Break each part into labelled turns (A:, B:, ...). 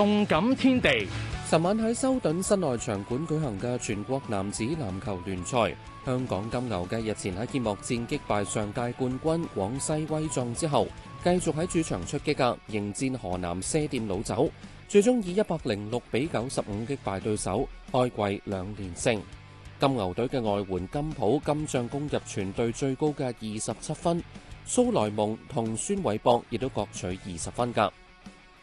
A: 動感天地，尋晚喺修頓室內場館舉行嘅全國男子籃球聯賽，香港金牛繼日前喺揭幕戰擊敗上屆冠軍廣西威壯之後，繼續喺主場出擊噶，迎戰河南賒店老酒，最終以一百零六比九十五擊敗對手，開季兩連勝。金牛隊嘅外援金普金將攻入全隊最高嘅二十七分，蘇萊蒙同孫偉博亦都各取二十分噶。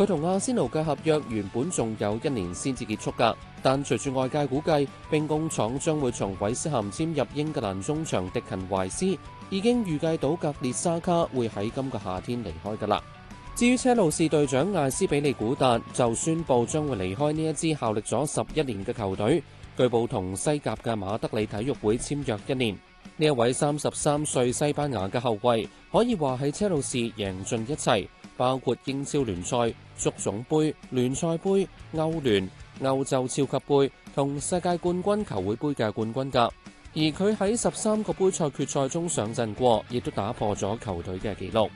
A: 佢同阿仙奴嘅合約原本仲有一年先至結束噶，但隨住外界估計，兵工廠將會從韋斯咸簽入英格蘭中場迪勤懷斯，已經預計到格列沙卡會喺今個夏天離開噶啦。至於車路士隊長艾斯比利古達就宣布將會離開呢一支效力咗十一年嘅球隊，據報同西甲嘅馬德里體育會簽約一年。呢一位三十三歲西班牙嘅後衛，可以話喺車路士贏盡一切。包括英超聯賽、足總杯、聯賽杯、歐聯、歐洲超級杯同世界冠軍球會杯嘅冠軍架，而佢喺十三個杯賽決賽中上陣過，亦都打破咗球隊嘅紀錄。